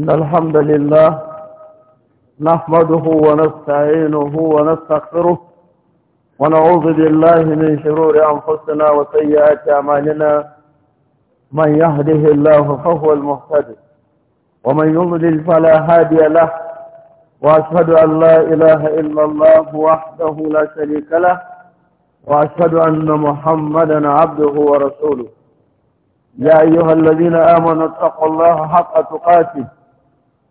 إن الحمد لله نحمده ونستعينه ونستغفره ونعوذ بالله من شرور أنفسنا وسيئات أعمالنا من يهده الله فهو المهتد ومن يضلل فلا هادي له وأشهد أن لا إله إلا الله وحده لا شريك له وأشهد أن محمدا عبده ورسوله يا أيها الذين آمنوا اتقوا الله حق تقاته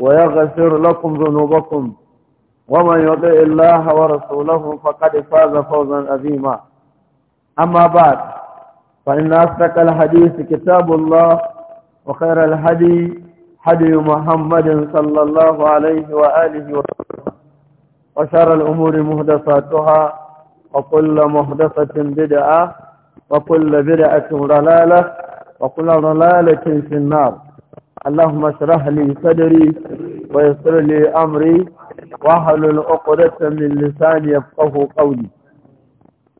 ويغفر لكم ذنوبكم ومن يطع الله ورسوله فقد فاز فوزا عظيما أما بعد فإن أصدق الحديث كتاب الله وخير الهدي هدي محمد صلى الله عليه وآله وسلم وشر الأمور مهدساتها وكل مهدسة بدعة وكل بدعة ضلالة وكل ضلالة في النار اللهم اشرح لي صدري ويسر لي أمري واحلل عقدة من لساني يفقه قولي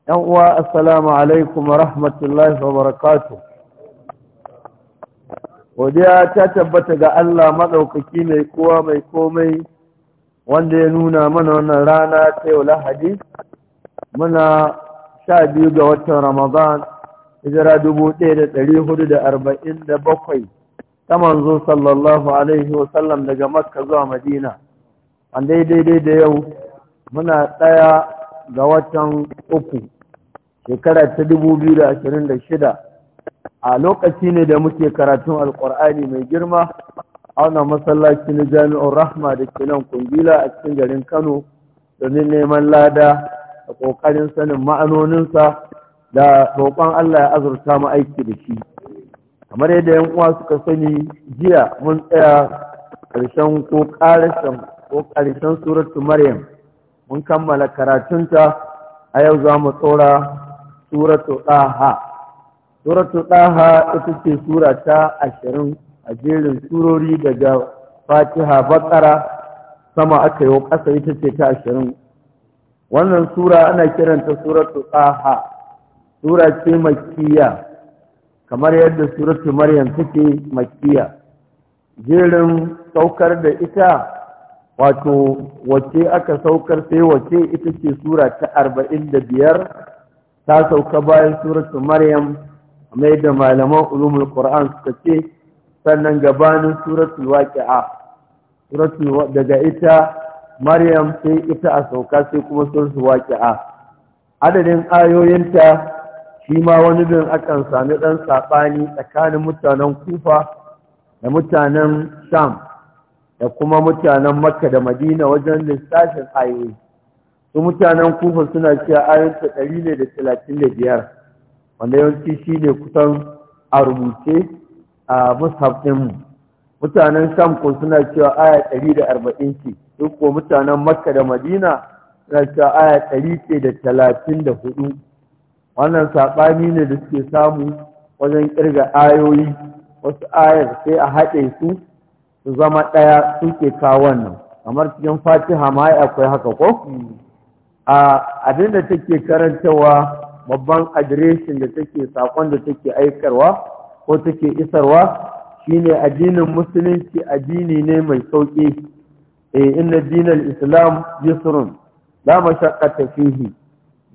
يوم السلام عليكم ورحمة الله وبركاته godiya ta tabbata ga Allah maɗaukaki mai kowa mai komai wanda ya nuna mana wannan rana ta yau lahadi muna sha biyu ga watan ramadan hijira dubu ɗaya da ɗari hudu da arba'in da bakwai ta manzo sallallahu alaihi wasallam daga makka zuwa madina an daidai da yau muna ɗaya ga watan uku shekara ta shida. a lokaci ne da muke karatun alkur'ani mai girma auna masallaci na jami'ar rahma da ke nan kungila a cikin garin kano domin neman lada da ƙoƙarin sanin ma'anoninsa da roƙon allah ya azurta mu aiki da shi kamar yadda yan uwa suka sani jiya mun tsaya ƙarshen ko ƙarashen ko ƙarshen suratu maryam mun kammala karatunta a yau za mu tsora suratu ɗaha suratu ɗaha ita ce sura ta ashirin a jerin surori daga fatiha bakara sama aka yi ƙasa ita ce ta ashirin wannan sura ana kiranta suratu ɗaha sura ce makiya kamar yadda suratu maryam take makkiya jerin saukar da ita wato wace aka saukar sai wace ita ce sura ta arba'in da biyar ta sauka bayan suratu maryam mai da malaman ulumul qur'an suka ce sannan gabanin suratu waqi'a suratu daga ita maryam sai ita a sauka sai kuma suratu waqi'a adadin ayoyinta shi ma wani bin akan sami ɗan saɓani tsakanin mutanen kufa da mutanen sham da kuma mutanen makka da madina wajen lissafin ayoyi su mutanen kufa suna cewa ayoyinta ɗari ne da talatin da biyar wanda yawanci shi ne kusan a rubuce a mushaf mutanen sham ko suna cewa aya ɗari da arba'in ce duk ko mutanen makka da madina suna cewa aya ɗari ce da talatin da hudu wannan saɓani ne da suke samu wajen ƙirga ayoyi wasu ayar sai a haɗe su su zama ɗaya suke kawo wannan kamar cikin fatiha ma akwai haka ko a abin da take karantawa babban adireshin da take saƙon da take aikarwa ko take isarwa shine addinin musulunci addini ne mai sauƙi eh inna dinal islam yusrun la mashaqqata fihi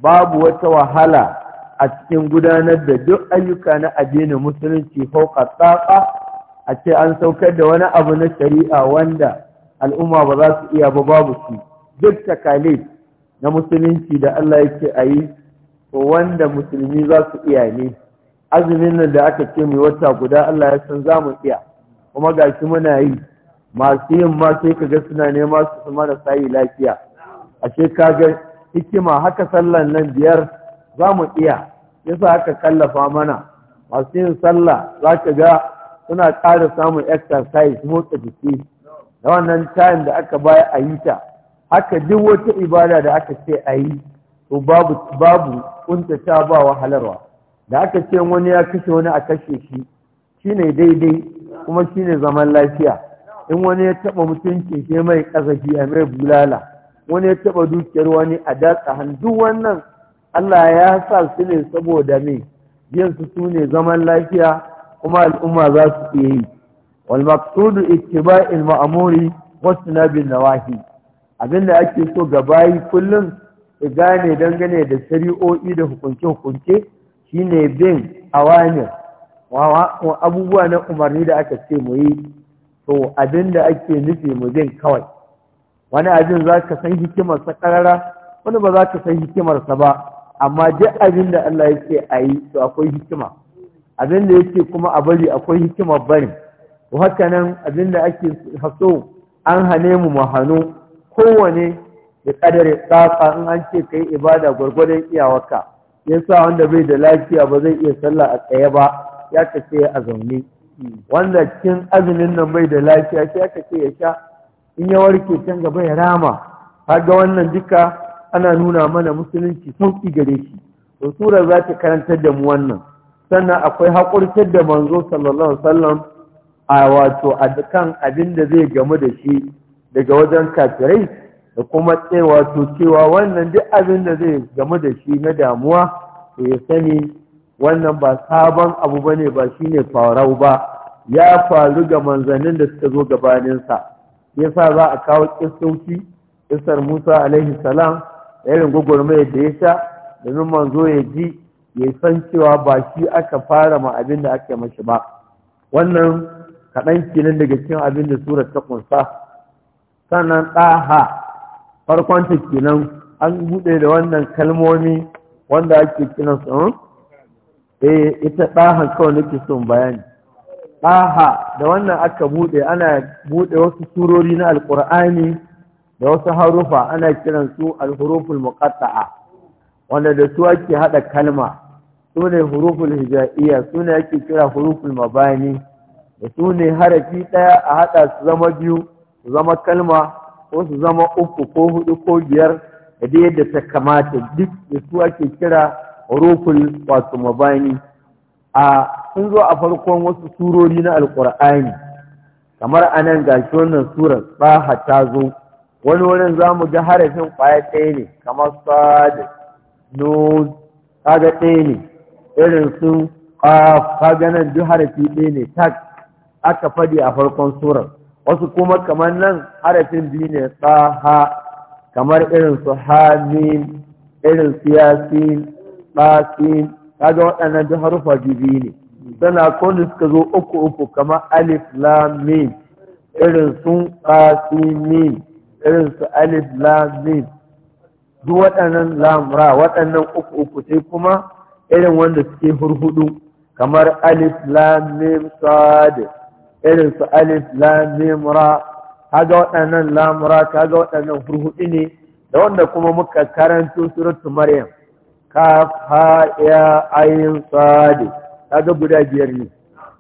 babu wata wahala a cikin gudanar da duk ayyuka na addinin musulunci fauka tsafa a ce an saukar da wani abu na shari'a wanda al'umma ba za su iya ba babu su duk takale na musulunci da Allah yake a yi wanda musulmi za su iya ne azumin nan da aka ce mai wata guda Allah ya san za mu iya kuma ga shi muna yi masu yin ma sai ka ga suna nema su su marasa yi lafiya ashe ka ga hikima haka sallan nan biyar za mu iya yasa aka kallafa mana masu yin sallah za ka ga suna ƙara samun exercise motsa jiki da wannan time da aka baya a yi ta haka duk wata ibada da aka ce a yi to babu babu ta ba wahalarwa da aka ce wani ya kashe wani a kashe shi shine daidai kuma shine zaman lafiya in wani ya taba mutunci ke mai kasafi a mai bulala wani ya taɓa dukiyar wani a datsa hannu duk wannan Allah ya sa su ne saboda me yin su su ne zaman lafiya kuma al'umma za su iya yi wal maqsudu ittiba'il ma'muri bin nawahi Abin da ake so ga bayi kullum su gane dangane da shari'o'i da hukunce-hukunce shine bin awamir abubuwa na umarni da aka ce mu yi to abinda ake nufi mu bin kawai wani abin za ka san hikimarsa ƙarara wani ba za ka san hikimarsa ba amma duk abin da Allah ya ce a yi to akwai hikima abin da ya ce kuma a bari akwai hikima bari. haka nan abin da ake haso an hane mu mahano kowane da kadare tsafa in an ce kai ibada gwargwadon iyawarka yasa wanda bai da lafiya ba zai iya sallah a tsaye ba ya kace a zaune wanda cikin azumin nan bai da lafiya ya aka ce ya sha in ya warke can gaba ya rama Har ga wannan duka ana nuna mana musulunci sauƙi gare shi to sura za ta karantar da mu wannan sannan akwai haƙurtar da manzo sallallahu alaihi wasallam a wato a kan abin da zai gamu da shi daga wajen kafirai da kuma tsewa to cewa wannan duk abin da zai gamu da shi na damuwa to ya sani wannan ba sabon abu ba ne, ba shine farau ba ya faru ga manzannin da suka zo gabaninsa Ya sa za a kawo kissauci isar Musa alaihi salam irin irin gwagwarmayar da ya sha domin manzo ya ji ya san cewa ba shi aka fara ma abin da aka mashi ba wannan kaɗan kenan daga cikin abin da surar ta kunsa sannan ɗaha farkon ta kenan an buɗe da wannan kalmomi wanda ake kinan su hmm? eh ita ɗaha kawai nake son bayani ɗaha da wannan aka buɗe ana buɗe wasu surori na alƙur'ani da wasu harufa ana kiran su alhuruful muqatta'a wanda da su ake hada kalma su ne huruful hijaiya su ne ake kira huruful mabani da su ne harafi daya a hada su zama biyu su zama kalma ko su zama uku ko hudu ko biyar da dai yadda ta kamata duk da su ake kira huruful wato mabani a sun zo a farkon wasu surori na alqur'ani kamar anan gashi wannan surar baha ta zo wani wurin za mu ga harafin ƙwaya ɗaya ne kamar sadi nun kaga ɗaya ne irin su ƙaf kaga nan duk harafi ɗaya ne tak aka faɗi a farkon surar wasu kuma kamar nan harafin biyu ne tsaha kamar irin su hamim irin su yasin ɓasin kaga waɗannan duk harufa biyu ne suna kone suka zo uku uku kamar alif lam Min, irin su ƙasi Min. irin su alif lam mim duk waɗannan lam ra waɗannan uku uku sai kuma irin wanda suke hurhudu kamar alif lam mim sad irin su alif lam mim ra kaga waɗannan lam ra kaga waɗannan hurhudu ne da wanda kuma muka karanto suratul maryam kaf ha ya ayin sad kaga guda biyar ne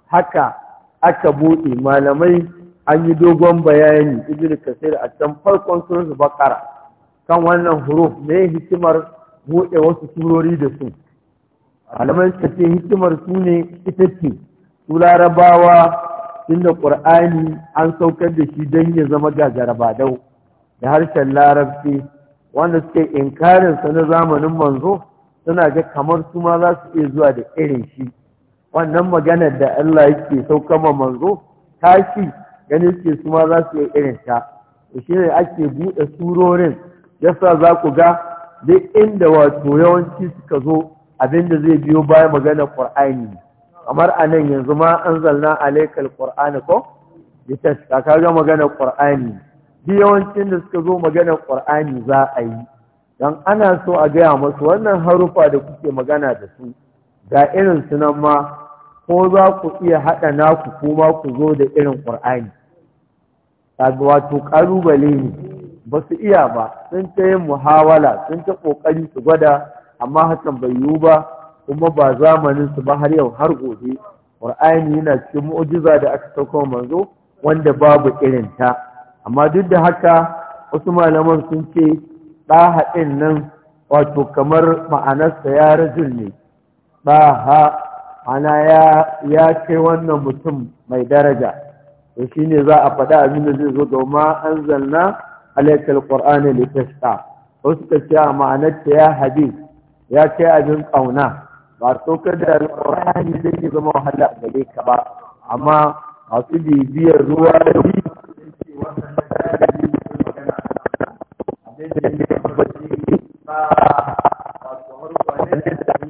haka aka buɗe malamai an yi dogon bayani ibn kasir a can farkon suratul baqara kan wannan huruf ne hikimar buɗe wasu surori da su Alamai ta ce hikimar su ne ita ce su larabawa inda Ƙur'ani, an saukar da shi don ya zama ga gagarabadau da harshen larabci wanda suke inkarin sa na zamanin manzo suna ga kamar su ma za su iya zuwa da irin shi wannan maganar da Allah yake saukar manzo tashi ganin suke su ma za su yi irin ta shi ne ake buɗe surorin sa za ku ga duk inda wato yawanci suka zo abinda zai biyo baya magana ƙur'ani kamar a nan yanzu ma an zalna alaikal ƙur'ani ko ita ka ga magana ƙur'ani duk yawancin da suka zo magana ƙur'ani za a yi don ana so a gaya masu wannan harufa da kuke magana da su ga irin sunan ma ko za ku iya haɗa naku kuma ku zo da irin ƙur'ani kaga wato ƙalubale ne ba su iya ba sun ta yin muhawala sun ta ƙoƙari su gwada amma hakan bai yiwu ba kuma ba zamanin su ba har yau har gobe Qur'ani yana cikin mu'jiza da aka sauko manzo wanda babu irin ta amma duk da haka wasu malaman sun ce ba ɗin nan wato kamar ma'anarsa ya rajul ne ha ana ya kai wannan mutum mai daraja to za a faɗa abin da zai zo da ma anzalna alayka alqur'ana litashqa wasu ka ce a ma'anar ta ya ya ce abin kauna ba so ka da alqur'ani zai yi zama wahala a gare ka ba amma masu bibiyar ruwa da bi abin da ya tabbaci ba wato ba kwanan da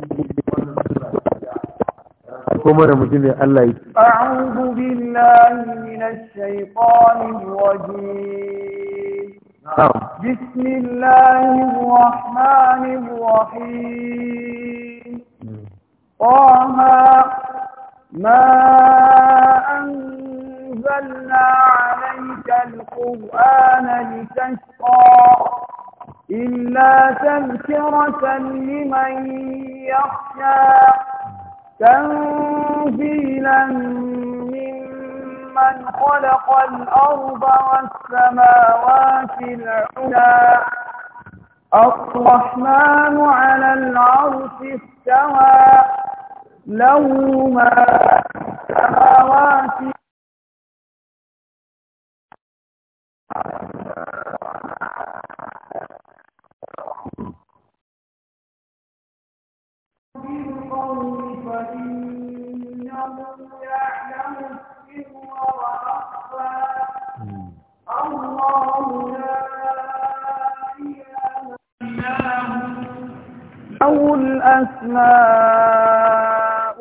mana mutumin Allah yi a'udhu billahi minash shaitanir rajim bismillahir rahmanir rahim qaha ma anzalna 'alayka al-qur'ana litashqa إلا تذكرة لمن يخشى تنزيلا ممن خلق الأرض والسماوات العلى الرحمن على العرش استوى له ما السماوات له الأسماء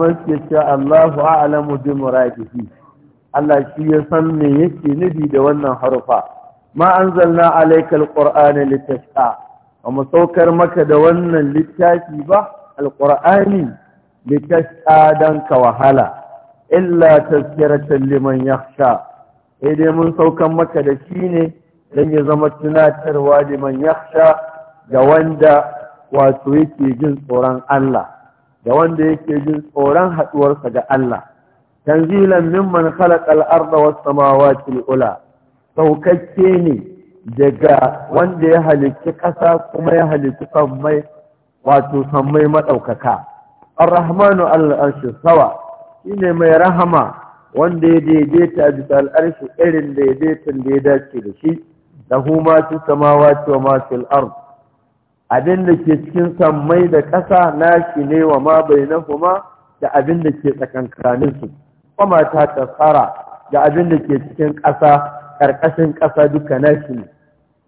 suke cewa Allahu a'lamu bi muradihi Allah shi ya san me yake nufi da wannan harufa ma anzalna alaykal qur'ana litashqa amma saukar maka da wannan littafi ba Alƙur'ani, litashqa dan ka wahala illa tazkiratan liman yakhsha eh dai mun saukan maka da shi ne don ya zama tunatarwa liman yaksha da wanda wato yake jin tsoron Allah da wanda yake jin tsoron haɗuwarsa ga Allah tanzilan mimman khalaqal arda was samawati ula saukakke ne daga wanda ya halicci ƙasa kuma ya halicci sammai wato sammai madaukaka arrahmanu al-arshi sawa shine mai rahama wanda ya daidaita bisa al-arshi irin daidaitan da ya dace da shi lahu ma fi samawati wa ma fil ard abin da ke cikin sammai da ƙasa nashi ne wa ma bainahuma da abin da ke tsakankanin su kuma ta tsara da abin da ke cikin ƙasa ƙarƙashin ƙasa duka nashi ne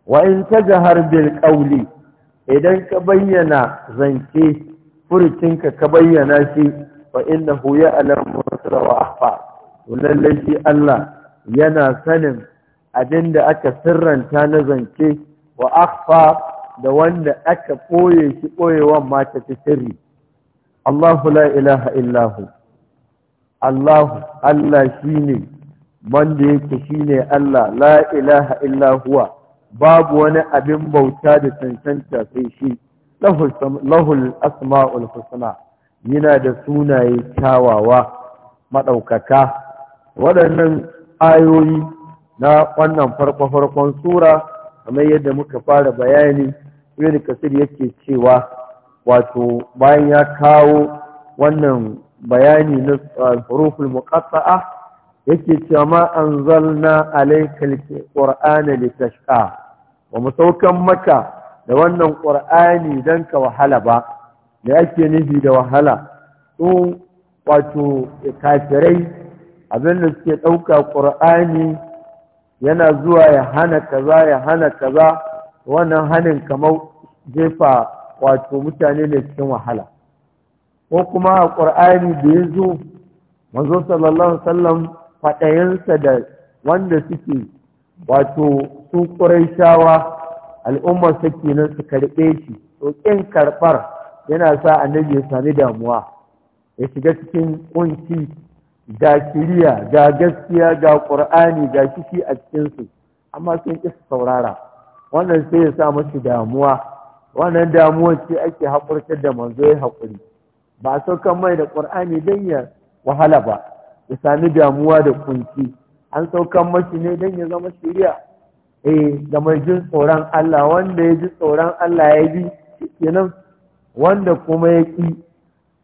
wa in tajhar bil qawli idan ka bayyana zance furucinka ka bayyana shi fa innahu ya'lamu sirra wa akhfa lallai shi Allah yana sanin abinda aka sirranta na zance wa akfa da wanda aka ɓoye shi ɓoyewan ma ta fi sirri Allahu la ilaha illahu Allahu Allah shine wanda yake shine Allah la ilaha illahuwa babu wani abin bauta da cancanta sai shi lahul asma'ul husna yana da sunaye kyawawa maɗaukaka waɗannan ayoyi na wannan farko-farkon sura kamar yadda muka fara bayani ibn kasir yake cewa wato bayan ya kawo wannan bayani na uh, huruful muqatta'a yake cewa ma anzalna alaykal qur'ana litashqa wa musaukan maka da wannan qur'ani dan ka wahala ba da ake nufi da wahala su wato kafirai abin da suke ɗauka ƙur'ani yana zuwa ya hana kaza ya hana kaza wannan hanin kamar jefa wato mutane ne cikin wahala ko kuma a ƙur'ani da ya zo manzo sallallahu sallam faɗayensa da wanda suke wato su shawa al'ummar suke nan su karɓe shi to ƙin karɓar yana sa annabi ya sami damuwa ya shiga cikin ƙunci ga shiriya ga gaskiya ga ƙur'ani ga ciki a cikinsu amma sun ƙi saurara wannan sai ya sa masu damuwa wannan damuwa ce ake haƙurtar da manzo ya haƙuri ba a saukan mai da ƙur'ani don ya wahala ba ya sami damuwa da kunci an saukan mashi ne don ya zama shiriya eh da mai jin tsoron Allah wanda ya ji tsoron Allah ya bi kenan wanda kuma ya ƙi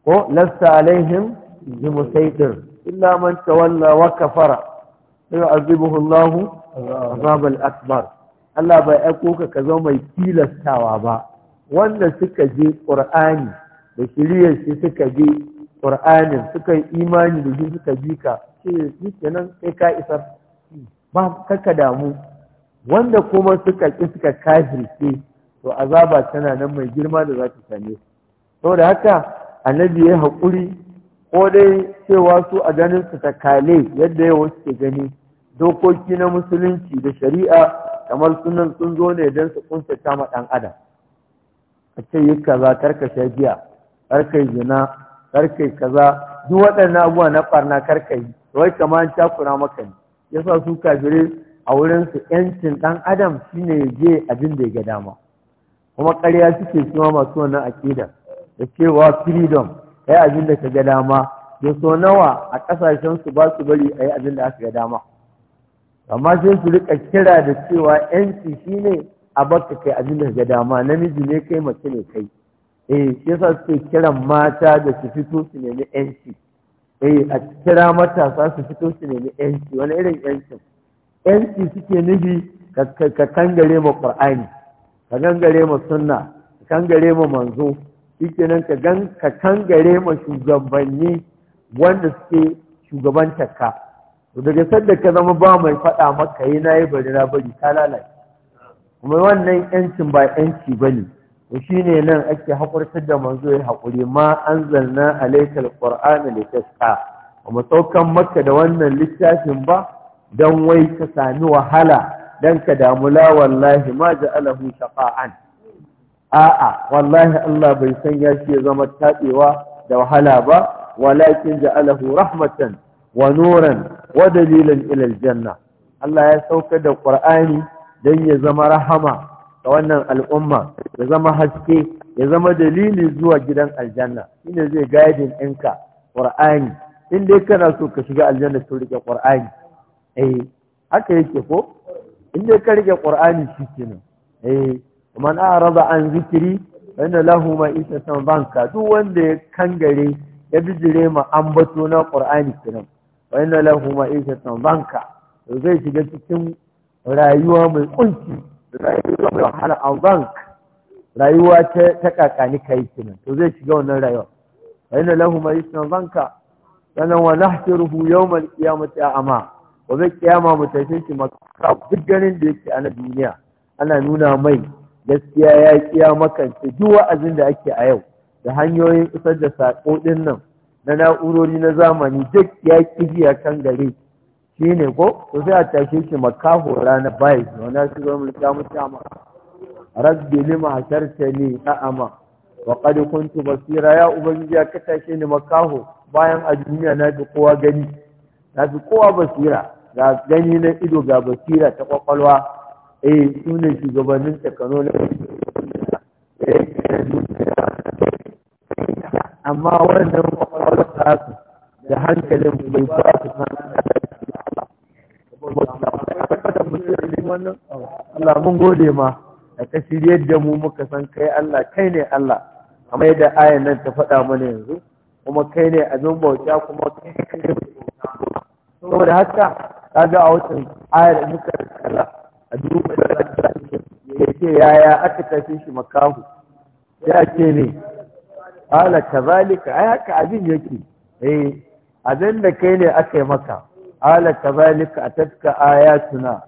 ko lasta alaihim bi illa man tawalla wa kafara yu'azibuhu Allahu azabal akbar Allah bai aiko ka ka zama mai tilastawa ba wanda suka je ƙur'ani da shiriyar shi suka je ƙur'anin suka yi imani da shi suka bi ka shi kenan sai ka isar ba kaka damu wanda kuma suka ƙi suka kafirce to azaba tana nan mai girma da za ta same su saboda haka annabi ya haƙuri ko dai cewa su a ganin su takale yadda yawan suke gani dokoki na musulunci da shari'a kamar sunan sun zo ne don su kuntata ma ɗan adam a ce yi kaza karka sha karka yi zina karka yi kaza duk waɗannan abubuwa na ɓarna karka yi wai kama an cakura maka ne sa su kafire a wurinsu, su yancin ɗan adam shine ya je abin da ya ga dama kuma karya suke suma masu wannan aƙida da cewa freedom kai abin da ka ga dama da so nawa a kasashen su ba su bari a yi abin da aka ga dama amma sai su rika kira da cewa yanci shine a baka kai abin da ka ga dama namiji ne kai mace ne kai eh shi yasa suke kiran mata da su fito su nemi yanci eh a kira matasa su fito su nemi yanci wani irin yancin yanci suke nufi ka kangare ma qur'ani ka kangare ma sunna ka kangare ma manzo shikenan ka gan ka kangare ma shugabanni wanda suke shugabantar ka daga sanda ka zama ba mai faɗa maka yi nayi yi bari na bari ka lalace kuma wannan yancin ba yanci ba ne to shine nan ake hakurtar da manzo ya haƙuri ma an zanna alaikal ƙwar'ana da taska ba mu saukan maka da wannan littafin ba dan wai ka sami wahala dan ka damu la wallahi ma ja'alahu shafa'an a'a wallahi Allah bai san ya ya zama taɓewa da wahala ba walakin ja'alahu rahmatan wa nuran wa dalilan ila aljanna Allah ya sauka da Qur'ani dan ya zama rahama ga wannan al'umma ya zama haske ya zama dalili zuwa gidan aljanna shine zai guiding ɗinka Qur'ani in dai kana so ka shiga aljanna to rike Qur'ani eh haka yake ko in ka rike Qur'ani shikenan eh man araba an zikiri inna lahu san banka duk wanda ya kangare ya bijire ma ambato na qur'ani kiran wa inna lahu san banka to zai shiga cikin rayuwa mai kunci rayuwa mai wahala an bank rayuwa ta ta kakani kai kiran to zai shiga wannan rayuwa wa inna lahu san banka sannan wa nahtiruhu yawmal qiyamati a'ma wa zai kiyama mutashin shi makka duk ganin da yake a duniya ana nuna mai gaskiya ya kiya makance duk wa'azin da ake a yau da hanyoyin isar da saƙo ɗin nan na na'urori na zamani duk ya kiji jiya kan gare shi ne ko to sai a tashe shi makaho rana bai wa na shi zama mulka mutama rabbi lima ni a'ama wa qad kuntu basira ya ubangiji ka tashe ni makaho bayan a duniya na fi kowa gani na fi kowa basira ga gani na ido ga basira ta kwakwalwa eh su ne shugabannin takano na amma wannan kwakwalwar su, da hankalin bai ba su Allah mun gode ma da ka shiryar da mu muka san kai Allah kai ne Allah kamar yadda ayan nan ta faɗa mana yanzu kuma kai ne abin bauta kuma kai ne saboda haka ga a watan ayar da muka kalla a duk da ya ce yaya aka tafi shi makahu ya ce ne ala kazalika ai haka abin yake eh abin da kai ne aka yi maka ala kazalika atatka ayatuna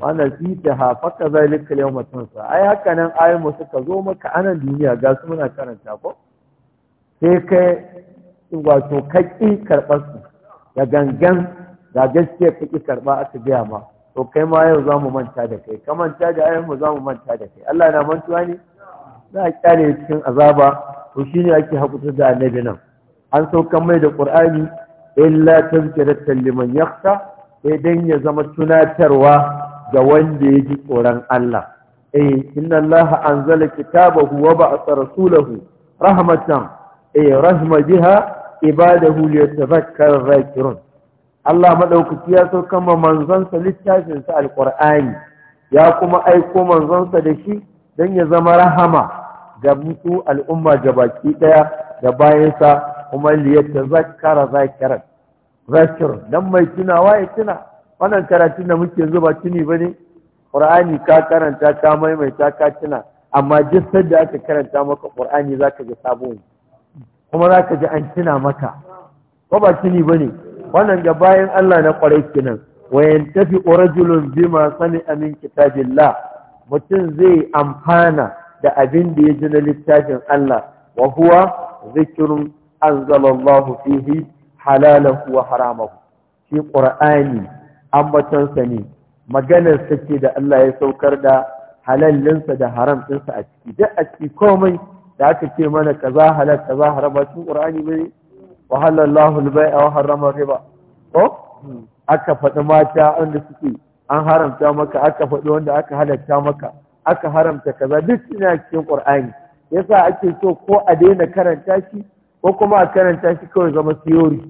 wannan fita ta hafa kazalika mutum sa. ai haka nan mu suka zo maka anan duniya ga su muna karanta ko sai kai wato kaki karɓar su da gangan ga gaskiya kaki karɓa aka gaya ma to kai ma yau za mu manta da kai ka manta da ayan mu za mu manta da kai Allah na mantuwa ne za a kyale cikin azaba to shine ake hakuta da annabi nan an saukan mai da qur'ani illa tazkiratan liman yakhsha sai dan ya zama tunatarwa ga wanda ya ji tsoron Allah eh inna Allah anzala kitabahu wa ba'atha rasulahu rahmatan eh rahma biha ibadahu liyatadhakkara dhakirun Allah madaukaki ya sauka ma manzonsa littafinsa Alƙur'ani, ya kuma aiko manzonsa da shi dan ya zama rahama ga mutu al'umma baki daya da bayansa kuma liyatta zakara zakiran zakir dan mai tunawa ya tuna wannan karatun da muke zuba tuni bane qur'ani ka karanta ka maimaita ka tuna amma duk da aka karanta maka qur'ani zaka ji sabon kuma zaka ji an tuna maka ko ba tuni bane wannan ga bayan Allah na kwarai kenan wayan tafi rajulun bima sani amin kitabillah mutum zai amfana da abin da ya ji na littafin Allah wa huwa zikrun anzalallahu fihi halalahu wa haramahu shi qur'ani ambaton sa ne maganar sa ce da Allah ya saukar da halallinsa da haram ɗinsa a ciki duk a ciki komai da aka ce mana kaza halal kaza haram ba shi qur'ani bane Wahalar halallahu al-bai'a wa harrama riba ko hmm. aka faɗi mata wanda suke an haramta maka aka faɗi wanda aka halatta maka aka haramta kaza duk ina cikin ƙur'ani yasa ake so ko a daina karanta shi ko kuma a karanta shi kawai zama theory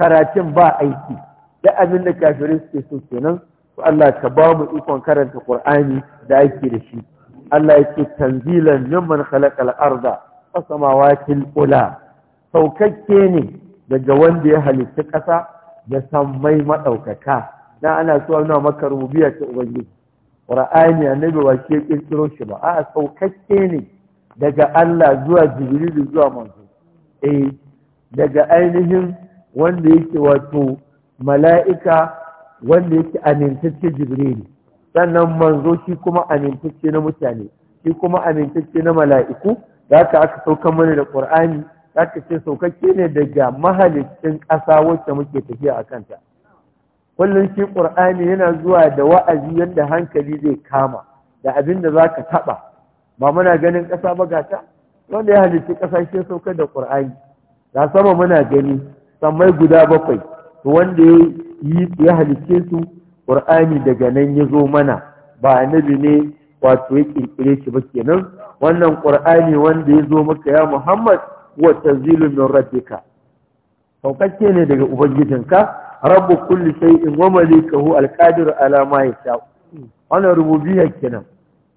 karatun ba aiki da abin da kafirai suke so kenan ko Allah ka ba mu ikon karanta Kur'ani da ake da shi Allah yake tanzilan mimman khalaqal arda was samawati ula saukakke ne daga wanda ya halitta ƙasa da sammai maɗaukaka na ana so ana maka rubiya ta ubangiji qur'ani annabi wa ke kirkiro shi ba a saukakke ne daga Allah zuwa jibrilu zuwa manzo eh daga ainihin wanda yake wato mala'ika wanda yake amintacce jibrilu sannan manzo shi kuma amintacce na mutane shi kuma amintacce na mala'iku da haka aka saukan mana da qur'ani zaka ce saukakke ne daga mahaliccin ƙasa wacce muke tafiya a kanta kullum shi ƙur'ani yana zuwa da wa'azi yadda hankali zai kama da abin da za ka taɓa ba muna ganin ƙasa ba gata wanda ya halicci ƙasa shi saukar da ƙur'ani da sama muna gani sammai guda bakwai to wanda ya yi ya halitte su ƙur'ani daga nan ya zo mana ba annabi ne wato ya ƙirƙire shi ba kenan wannan ƙur'ani wanda ya zo maka ya muhammad huwa tanzilun min rabbika saukakke ne daga ubangijinka Rabbu kulli shay'in wa malikahu alqadir ala ma yasha wannan rububiyya kenan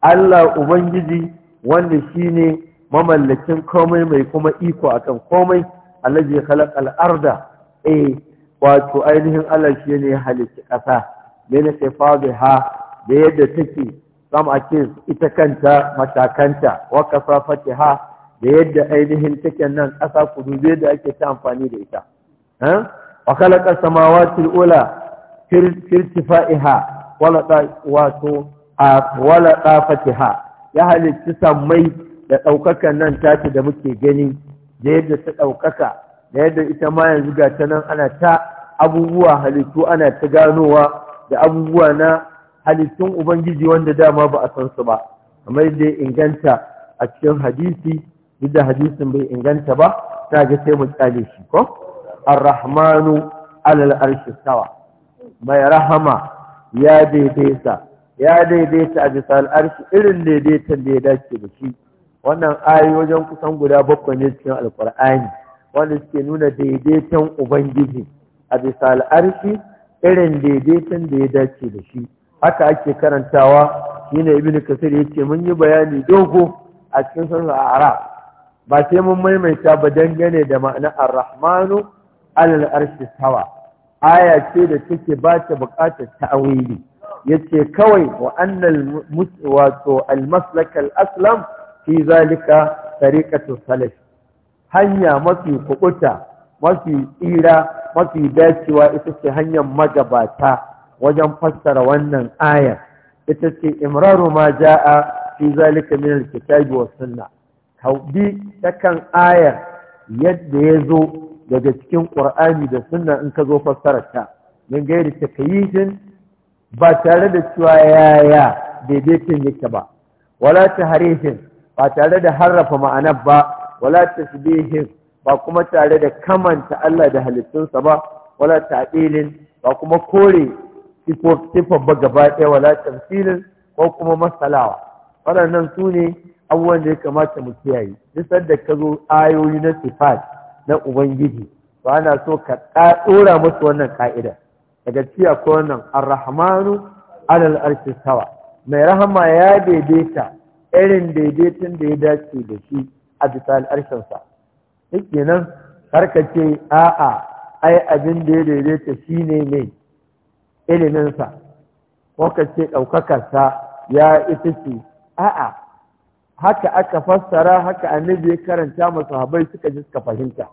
Allah ubangiji wanda shine mamallakin komai mai kuma iko akan komai allazi khalaqa al-arda eh wato ainihin Allah shine halitta kasa ne sai fadiha da yadda take sama ake ita kanta matakanta wa kasafatiha da yadda ainihin take nan ƙasa ku dube da ake ta amfani da ita wa khalaqa samawati ula firtifa'iha wala wato wala fatiha ya halitta sammai da ɗaukaka nan tace da muke gani da yadda ta ɗaukaka da yadda ita ma yanzu ga ta nan ana ta abubuwa halittu ana ta ganowa da abubuwa na halittun ubangiji wanda dama ba a san su ba kamar da inganta a cikin hadisi idda hadisin bai inganta ba ta ga sai mu tsale shi ko ar-rahmanu alal arshi sawa mai rahama ya daidaita ya daidaita a bisa al'arshi irin daidaitan da ya dace da shi wannan ayi wajen kusan guda bakwai ne cikin alkur'ani wanda suke nuna daidaitan ubangiji a bisa al'arshi irin daidaitan da ya dace da shi haka ake karantawa shine ibnu kasir yace mun yi bayani dogo a cikin sunan arab ba sai mun maimaita ba dangane da ma'ana ar-rahmanu alal arshi Sawa. aya ce da take ba ta buƙatar ta'awili yace kawai wa annal wato al-maslak al-aslam fi zalika tariqatu salaf hanya mafi kukuta mafi tsira mafi dacewa ita ce hanyar magabata wajen fassara wannan aya ita ce imraru ma jaa fi zalika min al-kitabi sunnah haubi takan ayar yadda ya zo daga cikin ƙur'ani da sunna in ka zo fassararta don gairi takayifin ba tare da cewa yaya daidaitin yake ba wala ta taharifin ba tare da harrafa ma'anar ba wala ta tasbihin ba kuma tare da kamanta Allah da halittunsa ba wala ta ilin ba kuma kore sifofin ba gaba ɗaya wala tafsilin ko kuma masalawa waɗannan su ne abubuwan da ya kamata mu kiyaye duk da ka zo ayoyi na sifat na ubangiji ba ana so ka ɗora musu wannan ka'ida daga ciki akwai wannan arrahmanu alal arshi sawa mai rahama ya daidaita irin daidaiton da ya dace da shi a bisa al'arshin sa har ka ce a'a ai abin da ya daidaita shine ne iliminsa ko ka ce ɗaukakarsa ya ita ce a'a haka aka fassara haka annabi ya karanta ma sahabbai suka ji suka fahimta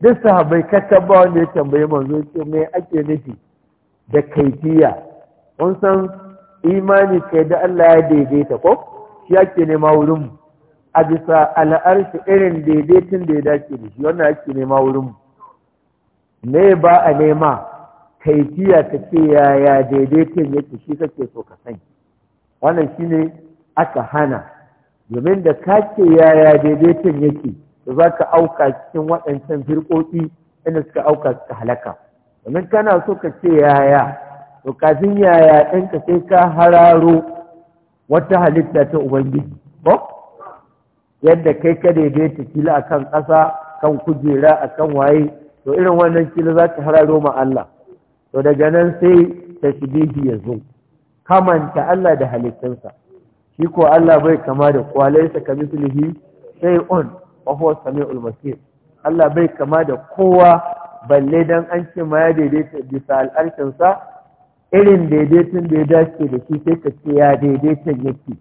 duk sahabbai kakkan ba wanda ya tambaye manzo ce me ake nufi da kaifiya kun san imani kai da Allah ya daidaita ko shi ake nema wurin mu a bisa al'arshi irin daidaitun da ya dace da shi wannan ake nema wurin mu me ba a nema kaifiya ta ce yaya daidaitun yake shi kake so ka sani wannan shine aka hana domin da ka ce yaya daidaiton yake da za ka auka cikin waɗancan firƙoƙi inda suka auka suka halaka domin kana so ka ce yaya to kafin yaya ɗinka sai ka hararo wata halitta ta ubangiji ko yadda kai ka daidaita kila a kan ƙasa kan kujera a kan waye to irin wannan kila za ka hararo ma Allah to daga nan sai tashbihi ya zo kamanta Allah da halittansa. shi ko Allah bai kama da kwalaisa sai on, wa huwa samiul basir Allah bai kama da kowa balle dan an ce ma ya daidaita bisa al'arshin sa irin daidaitun da ya dace da shi sai ka ce ya daidaita yake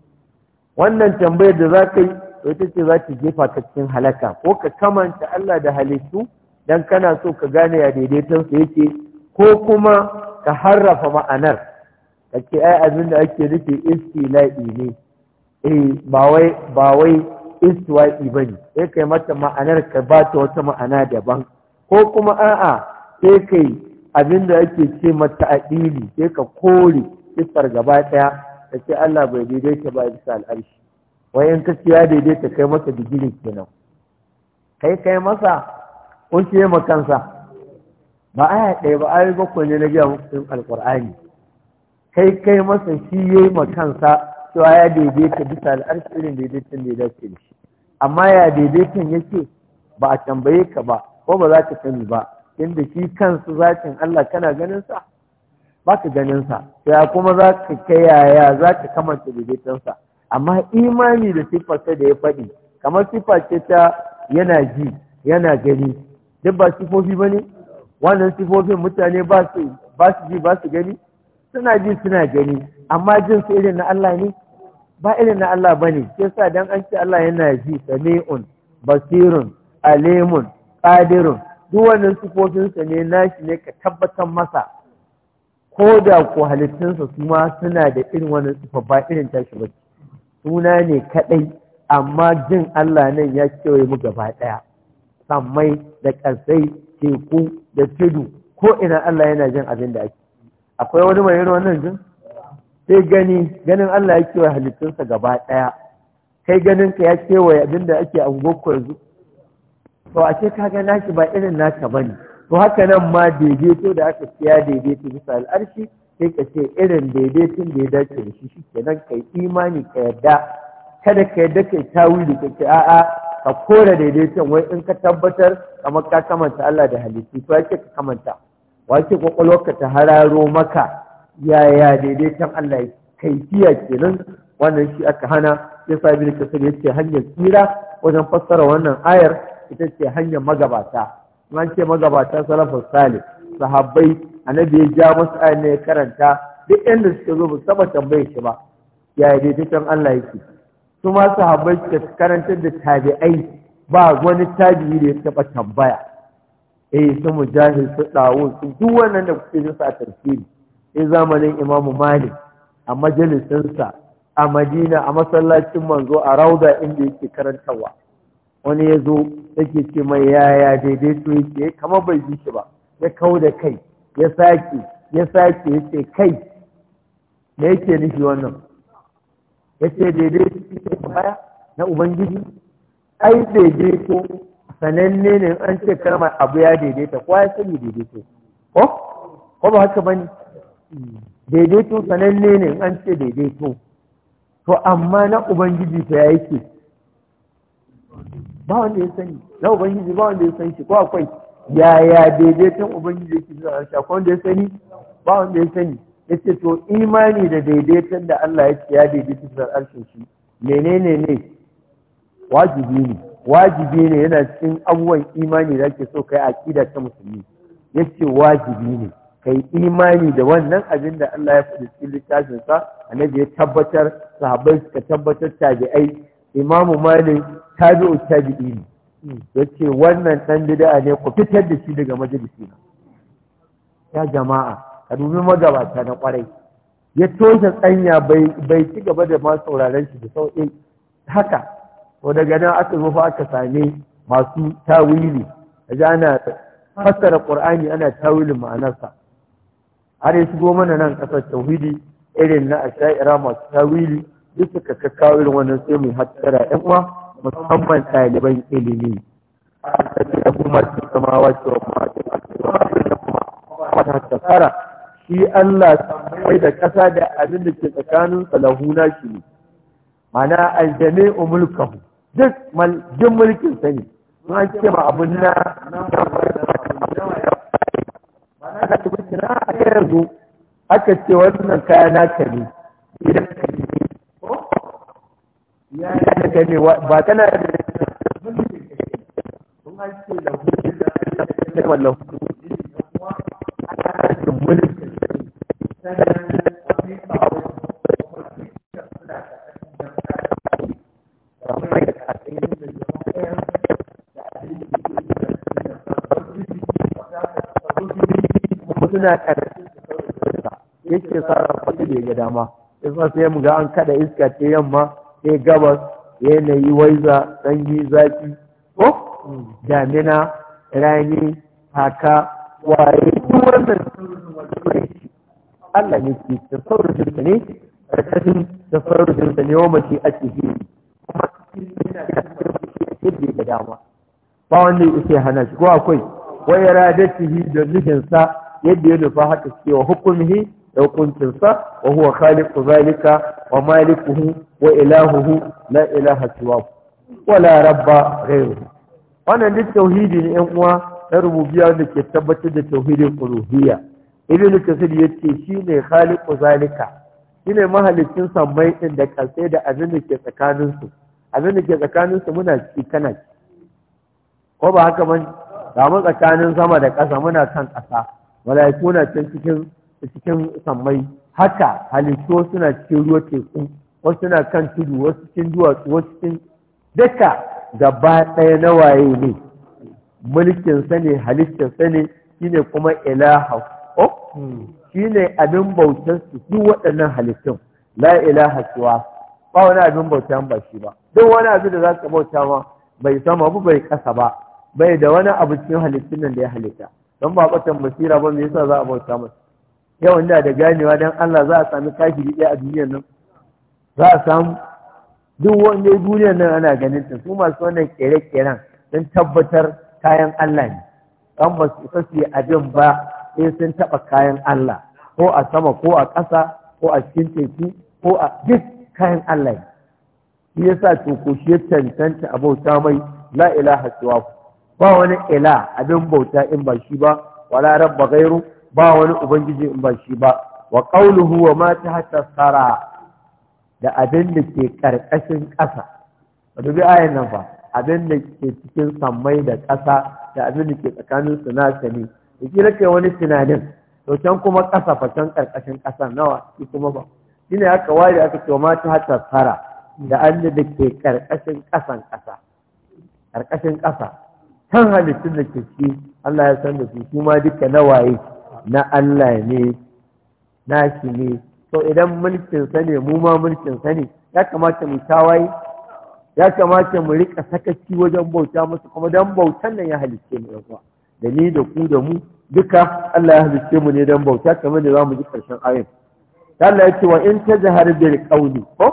wannan tambayar da za ka yi to ita ce za jefa ka cikin halaka ko ka kamanta Allah da halittu dan kana so ka gane ya daidaitan sa yake ko kuma ka harrafa ma'anar ka ce ai abin da ake rufe istila'i ne eh ba wai ba wai bane sai kai mata ma'anar ka ba ta wata ma'ana daban ko kuma a'a sai kai abin da yake ce mata adili sai ka kore siffar gaba daya ka ce Allah bai daidaita ba bisa al'arshi in ka ya daidaita kai masa digiri kenan kai kai masa ko ce kansa. ba aya ɗaya ba ayi bakwai ne na gaya muku alƙur'ani kai kai masa shi yayi kansa. cewa ya daidaita bisa al'arshi irin daidaitan da ya dace da shi amma ya ya yake ba a tambaye ka ba ko ba za ka sani ba inda shi kansu zakin Allah kana ganin sa ba ka ganin sa ya kuma za ka kai yaya za ka kamanta daidaitun sa amma imani da siffarsa da ya faɗi kamar sifar ce ta yana ji yana gani duk ba sifofi ba ne wannan sifofin mutane ba su ji ba su gani suna ji suna gani amma jin su irin na Allah ne ba irin na Allah bane sa dan an ce Allah yana ji sami'un basirun alimun ƙadirun duk wannan sifofinsa ne nashi ne ka tabbatar masa ko da ko halittunsa su ma suna da irin wannan sufa, ba irin tashi ba suna ne kaɗai, amma jin Allah nan ya yi mu gaba ɗaya. sammai da ƙarsai, teku da tudu ko ina Allah yana jin abin da ake akwai wani mai irin wannan jin sai gani ganin Allah ya kewaye halittunsa gaba ɗaya kai ganin ka ya kewaye abin da ake angokku yanzu to a ce kaga naki ba irin naka bane to haka nan ma daidaito da aka siya daidaito bisa al'arshi sai ka ce irin daidaiton da ya dace da shi shikenan kai imani ka yadda kada ka yadda kai da ka ce a'a ka kore daidaiton wai in ka tabbatar kamar ka kamanta Allah da halittu to yake ka kamanta wace kwakwalwarka ta hararo maka yaya daidaiton Allah ya kaifiya kenan wannan shi aka hana ya sa bin kasar ya ce hanyar tsira wajen fassara wannan ayar ita ce hanyar magabata an ce magabata salafus salih sahabbai annabi ya ja masu ayar ne ya karanta duk inda suka zo ba saba tambaye shi ba yaya daidaiton Allah yake su ma sahabbai suka karantar da tabi'ai ba wani tabi'i da ya taba tambaya eh su mujahid su dawo su duk wannan da kuke jin sa tafsiri sai zamanin imamu malik a majalisinsa a madina a masallacin manzo a rauda inda yake karantarwa wani ya zo yake ce mai yaya daidaito yake eh, kamar bai ji shi ba ya kau da kai ya sake ya sake ya ce kai da yake nufi wannan ya ce daidaito yake baya na ubangiji ai daidaito sananne ne an ce kalmar abu ya daidaita kowa ya sani daidaito ko ko ba haka bane daidaito sananne ne an ce daidaito to amma na ubangiji ta ya yake ba wanda ya sani na ubangiji ba wanda ya sani shi ko akwai yaya daidaiton ubangiji yake zuwa A akwai wanda ya sani ba wanda ya sani ya ce to imani da daidaiton da Allah ya ce ya daidaita zuwa harshen shi menene ne wajibi ne wajibi ne yana cikin abubuwan imani da ake so kai aqida ta musulmi yace wajibi ne kai imani da wannan abin da Allah ya faɗi cikin littafinsa annabi ya tabbatar sahabbai suka tabbatar tabi'ai imamu malik tabi'u ne. yace wannan dan bid'a ne ku fitar da shi daga majalisi ya jama'a ka dubi magabata na kwarai ya toshe tsanya bai ci gaba da masu sauraron shi da sauƙi haka ko daga nan aka zo aka same masu tawili kaji ana fassara qur'ani ana tawilin ma'anarsa har ya shigo mana nan ƙasar tauhidi irin na asha'ira masu tawili duk suka kakkawo irin wannan sai mu hattara yan uwa musamman ɗaliban ilimi aka ce da kuma cikin samawa cewa ma ta tsara shi Allah sammai da ƙasa da abin da ke tsakanin salahuna shi ne mana aljame umulkahu duk mulkin sani an ce ma abin na na ta na a yanzu aka ce wannan kaya naka ne idan ka ne ya yi da ne ba tana da sun ake da hudu da ake da hudu suna karfi yake sarrafa da ya dama yasa sai mu ga an kada iska ta yamma sai gabas yanayi waiza sanyi zafi ko damina rani haka waye duk wannan Allah ne ke jirgin ne karkashin jirgin ne wa mace a cikin kuma da dama ba wanda ya hana shi ko akwai wai radatihi da nufinsa yadda ya nufa haka suke wa hukumhi da hukuncinsa wa huwa khaliqu zalika wa malikuhu wa ilahuhu la ilaha siwahu wa la rabba ghayruhu wannan duk tauhidi ne yan uwa na rububiyya wanda ke tabbatar da tauhidin uluhiyya ibn kasir yace shine khaliqu zalika shine mahalicin sammai din da kasai da abin da ke tsakanin su abin da ke tsakanin muna ci kana ko ba haka ba ga mu tsakanin sama da ƙasa muna kan ƙasa mala'iku na can cikin cikin sammai haka halittu suna cikin ruwa teku wasu suna kan tudu wasu cikin duwatsu wasu cikin duka gaba ɗaya na waye ne mulkin sa ne halittar sa ne shine kuma ilaha oh hmm. shine abin bautar su duk waɗannan halittun la ilaha siwa ba wani abin bauta ba shi ba duk wani abin da za ka bauta ma bai sama ba bai kasa ba bai da wani abu cikin halittun nan da ya halitta don ba batan basira ba me yasa za a bauta masa yawan da da ganewa don Allah za a sami kafiri ɗaya a duniyar nan za a samu duk wanda duniyar nan ana ganin ta su masu wannan kere-keren don tabbatar kayan Allah ne an ba su isa yi abin ba sai sun taɓa kayan Allah ko a sama ko a ƙasa ko a cikin teku ko a duk kayan Allah ne shi yasa to ko shi ya cancanta mai la ilaha ba wani ila abin bauta in ba shi ba wala rabba gairu ba wani ubangiji in ba shi ba wa qauluhu wa ma tahta sara da abin da ke karkashin ƙasa Ba bi ayan nan fa abin da ke cikin sammai da ƙasa da abin da ke tsakanin su na sani yake rake wani tunanin to can kuma ƙasa fa can karkashin kasa nawa shi kuma ba shine aka wari aka ce ma ta hatta sara da abin da ke karkashin ƙasan ƙasa karkashin ƙasa kan halittun da ke ciki Allah ya san da su kuma duka na waye. na Allah ne shi ne to idan mulkin sa ne mu ma mulkin sa ne ya kamata mu tawaye ya kamata mu rika sakaci wajen bauta musu kuma dan bautan nan ya halicce mu yawa da ni da ku da mu duka Allah ya halicce mu ne dan bauta kamar da zamu ji karshen ayin Allah ya ce wa in tajhar bil qawli ko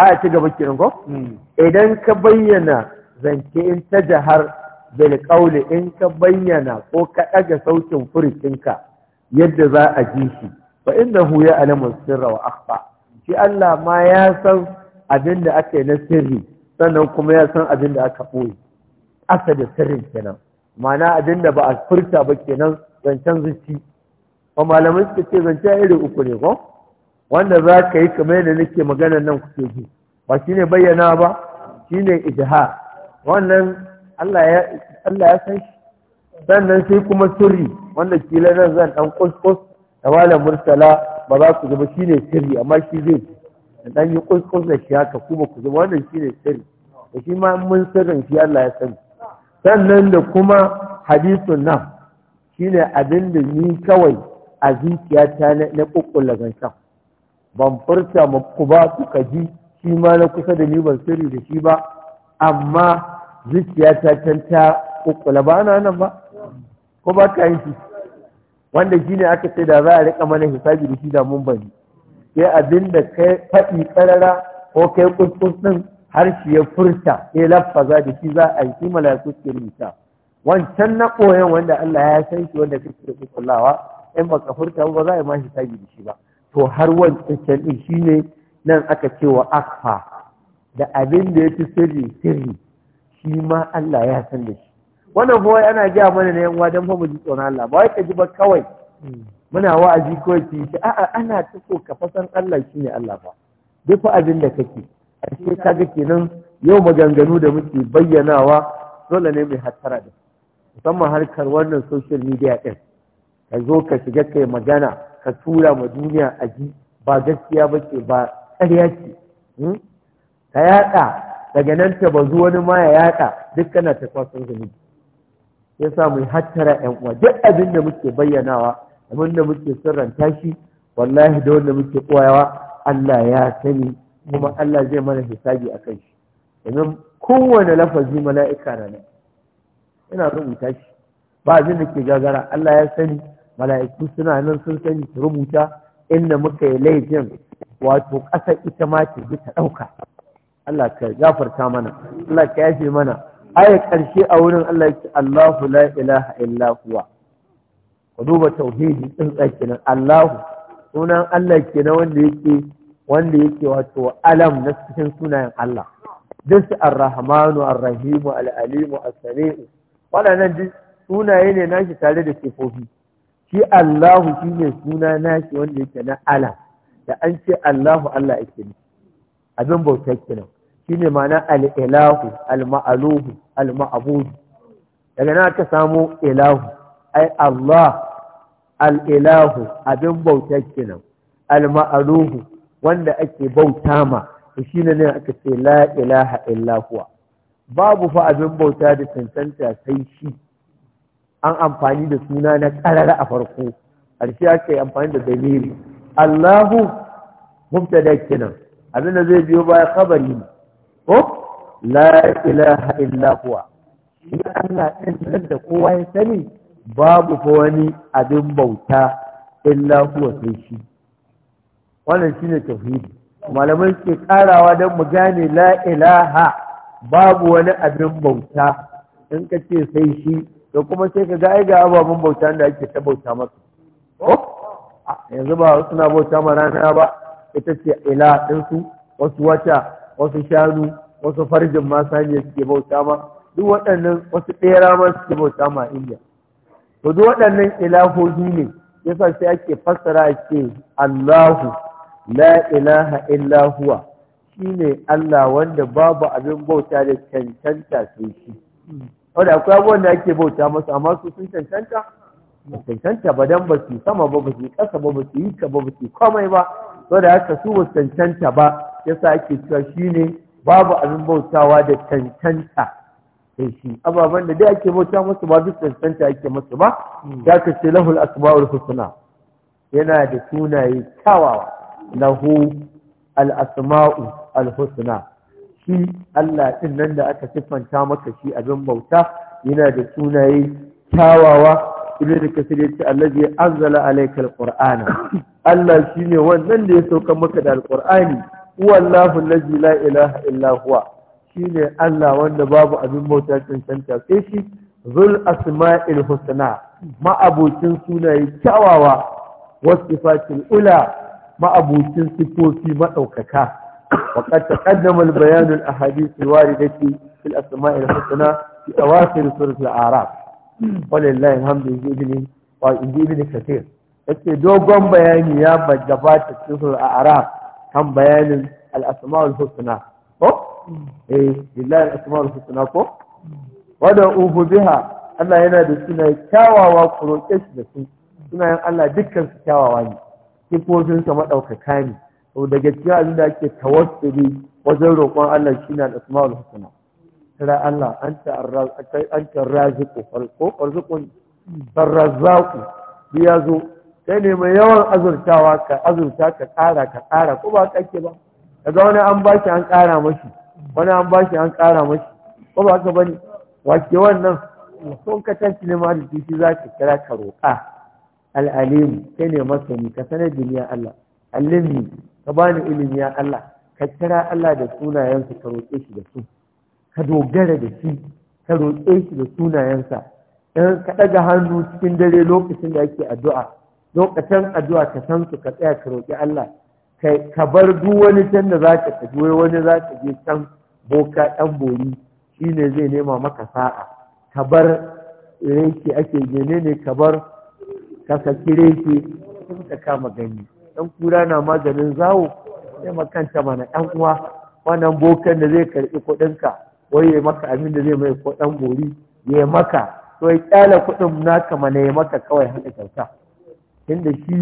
aya ta gaba kiran ko hmm. idan ka bayyana zance in tajhar bil qawli in ka bayyana ko ka daga sautin ka yadda za a ji shi fa innahu ya'lamu sirra wa akhfa shi Allah ma ya san abin da aka na sirri sannan kuma ya san abin da aka boye aka da sirrin kenan ma'ana abin da ba a furta ba kenan zancen zuci ba malamai suka ce zancen iri uku ne ko wanda za ka yi kamar yadda nake maganar nan kuke ji ba shine bayyana ba shine ne ijiha wannan Allah ya san shi sannan sai kuma sirri wanda kila nan zan ɗan kuskus da malam mursala ba za ku zama shi ne sirri amma shi zai da ɗan yi kuskus da shi haka kuma ku zama wannan shi ne sirri da shi ma mun sirrin shi Allah ya sani sannan da kuma hadisun nan shine abin da ni kawai a zuciyata na kukkulla zancan ban furta ku ba kuka ji shi ma na kusa da ni ban sirri da shi ba amma zuciya ta canta ta kukula ba ana nan ba ko ba ka yin shi wanda shi ne aka ce da za a riƙa mana hisabi da shi da mun bari sai abin da kai faɗi ƙarara ko kai kuskus ɗin har shi ya furta sai lafaza da shi za a yi shi malaku ke rubuta wancan na ɓoyen wanda Allah ya san shi wanda kake kukulawa in ba ka furta ba za a yi ma hisabi da shi ba to har wancan ɗin shi ne nan aka ce wa akfa da abin da ya fi sirri sirri shi ma Allah ya san da shi wannan kuma ana gaya mana na yanwa don famu ji tsoron Allah ba wai ka ji ba kawai muna wa'azi kawai ki shi a'a ana tuko ka fasan Allah shi ne Allah ba duk abin da kake a ka kaga kenan yau maganganu da muke bayyanawa dole ne mai hattara da musamman harkar wannan social media din ka zo ka shiga kai magana ka tura ma duniya a ji ba gaskiya ba ce ba ƙarya ce hmm? ka yaɗa daga nan ta bazu wani ma ya yaka duk ta kwasan zunubi ya sa mu hattara yan uwa duk abin da muke bayyanawa abin da muke sirranta shi wallahi da wanda muke koyawa Allah ya sani kuma Allah zai mana hisabi a kai shi domin kowane lafazi mala'ika na nan ina rubuta shi ba abin da ke gagara Allah ya sani mala'iku suna nan sun sani su rubuta inda muka yi laifin wato ƙasa ita ma ce ta ɗauka Allah ka gafarta mana Allah ka yafe mana aya ƙarshe a wurin Allah ce Allahu la ilaha illa huwa ku duba tauhidi din tsakinan Allahu sunan Allah kenan wanda yake wanda yake wato alam na cikin sunayen Allah dinsu ar-rahmanu ar-rahimu al-alimu as-sami'u waɗannan duk sunaye ne nashi tare da sifofi shi Allahu shine suna nashi wanda yake na alam da an ce Allahu Allah yake ne abin bautar kenan shine ma'ana Al'ilahu, ilahu al-ma'aluhu al daga nan aka samu ilahu ai Allah Al'ilahu, abin bauta kenan al-ma'aluhu wanda ake bauta ma shine ne aka ce la ilaha illa babu fa abin bauta da cancanta sai shi an amfani da suna na karara a farko ƙarshe aka yi amfani da dalili Allahu mubtada kenan abin da zai biyo baya khabari ne ko la ilaha illa huwa shi Allah ɗin da kowa ya sani babu fa wani abin bauta illa huwa sai shi wannan shine tauhidi malamai ke karawa don mu gane la ilaha babu wani abin bauta in ka ce sai shi To kuma sai ka ga ga ababen bauta da ake ta bauta masa yanzu ba suna bauta ma rana ba ita ce ila su wasu wata wasu shanu wasu farjin ma saniya suke bauta ma duk waɗannan wasu ɗera ma suke bauta ma indiya to duk waɗannan ilahohi ne ya sa sai ake fassara ce allahu la ilaha illa huwa ne allah wanda babu abin bauta da cancanta sai shi wanda akwai abubuwan da ake bauta masu amma su sun cancanta ba cancanta ba dan ba su sama ba ba su ƙasa ba ba su yi ka ba ba su komai ba saboda haka su ba cancanta ba yasa ake cewa shi ne babu abin bautawa da cancanta da shi ababen da dai ake bauta masu ba duk cancanta ake musu ba hmm. ya ka ce lahul asma'ul husna yana da sunaye kyawawa lahu al asma'u al shi Allah din nan da aka siffanta maka shi abin bauta yana da sunaye kyawawa ibn Allah zai allazi anzala alaykal qur'ana Allah shine wannan da ya sauka maka da alqur'ani huwallahu allazi la ilaha illa huwa shine Allah wanda babu abin bauta cancanta sai shi zul asma'il husna ma'abucin sunaye kyawawa wasifatil ula ma'abucin sifofi madaukaka وقد تقدم البيان الاحاديث الوارده في الاسماء الحسنى في اواخر سوره الاعراف ولله الحمد باذنه وان ابن كثير yake dogon bayani ya gabata cikin a'raf kan bayanin al'asma'ul husna ko eh lillahi al'asma'ul husna ko wada uhu biha Allah yana da suna kyawawa ku roƙe shi da su sunayen Allah dukkan su kyawawa ne sifofin sa madaukaka ne to daga cikin abin da ake tawassuli wajen roƙon Allah shine al-asma'ul husna tara Allah an ar-raziq anta ar-raziq farko arziqun farrazzaq biya zo Sai ne mai yawan azurtawa ka azurta ka ƙara ka ƙara ko ba ka ke ba ga wani an ba shi an ƙara mashi wani an ba shi an ƙara mashi ko ba ka bane wace wannan sun ka tanci ne ma da shi za ka kira ka roƙa al'alimu sai ne masani ka sanar da niyan Allah allimni ka bani ilimi ya Allah ka kira Allah da sunayensa ka roƙe shi da su ka dogara da shi ka roƙe shi da sunayensa in ka ɗaga hannu cikin dare lokacin da ake addu'a lokacin addu'a ka san su ka tsaya ka roƙi Allah ka bar duk wani can da za ka tafi wani za ka je can boka ɗan shi ne zai nema maka sa'a ka bar reke ake gene ne ka bar ka saki reke sun ka kama gani ɗan kura na maganin zawo sai makanta mana ɗan uwa wannan bokan da zai karɓi kuɗinka wai ya maka abin da zai mai ko ɗan bori ya maka to ya ƙyala kuɗin naka mana ya maka kawai haɗa kyauta inda shi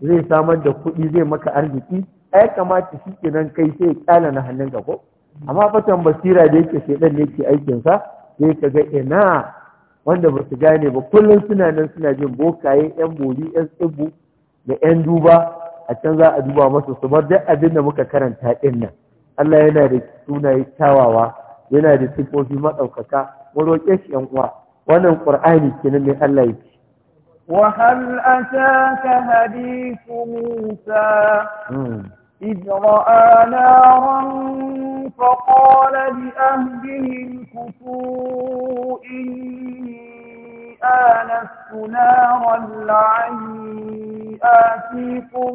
zai samar da kuɗi zai maka arziki ya kamata shi kenan kai sai ya kyala na hannunka ko amma fatan basira da yake shaidan ne yake aikin sa sai ka ga ina wanda ba su gane ba kullum suna nan suna jin bokaye yan bori yan tsibbu da yan duba a can za a duba masa su bar duk abin da muka karanta din nan Allah yana da sunaye kyawawa yana da sifofi maɗaukaka mu roƙe shi yan uwa wannan qur'ani kenan ne Allah yake وهل أتاك هديث موسى إذ رأى نارا فقال لأهلهم كفوا إني آنست نارا لعلي آتيكم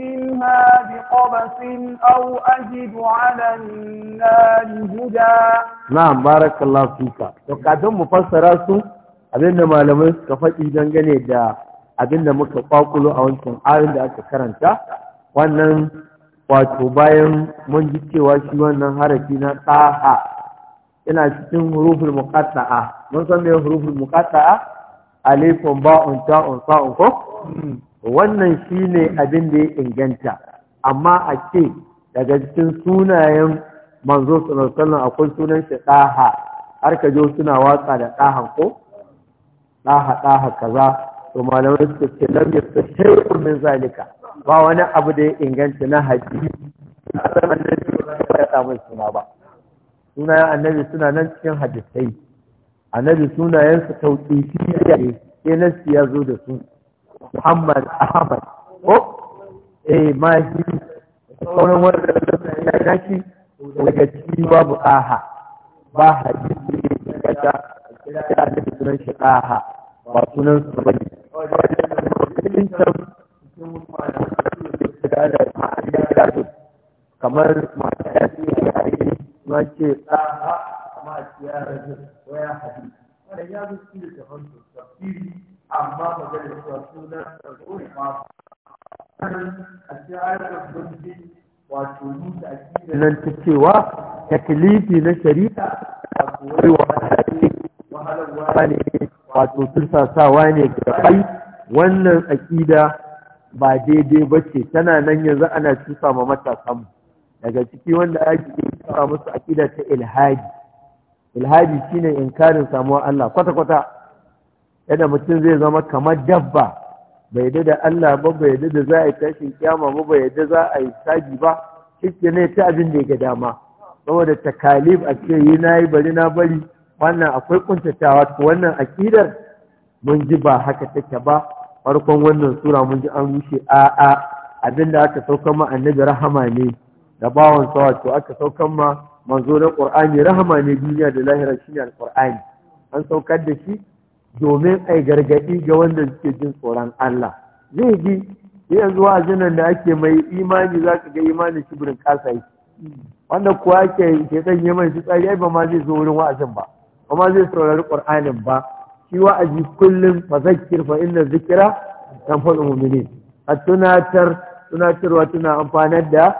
منها بقبس أو أجد على النار هدى نعم بارك الله فيك وقدم مفسرات abinda malamai suka faɗi don gane da abinda muka kwakulo a wancan ayoyin da aka karanta wannan wato bayan mun ji cewa shi wannan harafi na tsaha, yana cikin hurufin muƙata'a. mun san me huruful muqatta'a alifun ba'un ta'un sa'un ko wannan shi ne abin da ya inganta amma a ce daga cikin sunayen manzo sanar akwai sunan shi tsaha, har ka suna watsa da tsahan ko ɗaha ɗaha kaza to malamai suka ce lam yasta shay'un min zalika ba wani abu da ya inganta na a asan annabi ya samu suna ba sunayen annabi suna nan cikin hadisai annabi sunayensu tauƙifiya ne sai nasi ya zo da su muhammad ahmad ko eh mahi sauran wanda ya daga ciki babu ɗaha ba hadisi ne da ila ya da sunan shi ɗaha ba sunan su bane cikin kamar masu yaki da yaki ma ce ɗaha ma ce ya rage wa ya haɗi wanda ya zo su da tafansu tafsiri amma magana cewa sunan tsarko ma a cikin ayatar gundi wato yi da nan ta cewa taklifi na shari'a a kuwa ba ne wato tursasawa ne ga wannan aƙida ba daidai ba ce tana nan yanzu ana cusa ma matasan daga ciki wanda ake cusa musu aƙida ta ilhadi ilhadi shine inkarin samuwar Allah kwata-kwata yadda mutum zai zama kamar dabba bai yadda da Allah ba bai yadda da za a yi tashin kyama ba bai yadda za a yi saji ba shi ne ta abin da ya ga dama saboda takalif a ce yi na yi bari na bari wannan akwai kuntatawa wannan aƙidar mun ji ba haka take ba farkon wannan sura mun ji an rushe a'a abinda aka sauka ma annabi rahama ne da bawan sawa wato aka saukar ma manzo na qur'ani rahama ne duniya da lahira shine alqur'ani an saukar da shi domin ai gargadi ga wanda suke jin tsoron Allah zai ji yanzu wa'azin da ake mai imani za ka ga imanin shi burin kasai wanda kuwa ke ke yi yaman shi tsari ai ba ma zai zo wurin wa'azin ba ba ma zai saurari ƙur'anin ba shi wa'azi kullum zai fa inna zikira tanfa'u mu'minin a tunatar tunatarwa tana amfanar da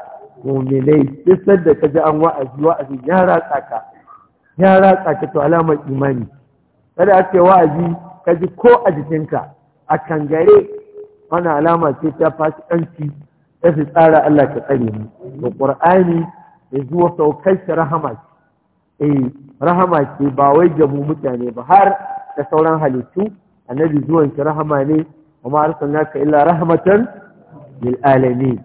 mu'minai isar da ka ji an wa'azi wa'azi ya ratsa ka ya ratsa ka to alamar imani kada a ce wa'azi ka ji ko a jikinka a kangare wani alama ce ta fasikanci ta fi tsara Allah ka tsare mu da ƙur'ani da zuwa saukar shi rahama eh rahama ce ba wai ga mu mutane ba har da sauran halittu annabi zuwan shi rahama ne amma arsalnaka illa rahmatan lil alamin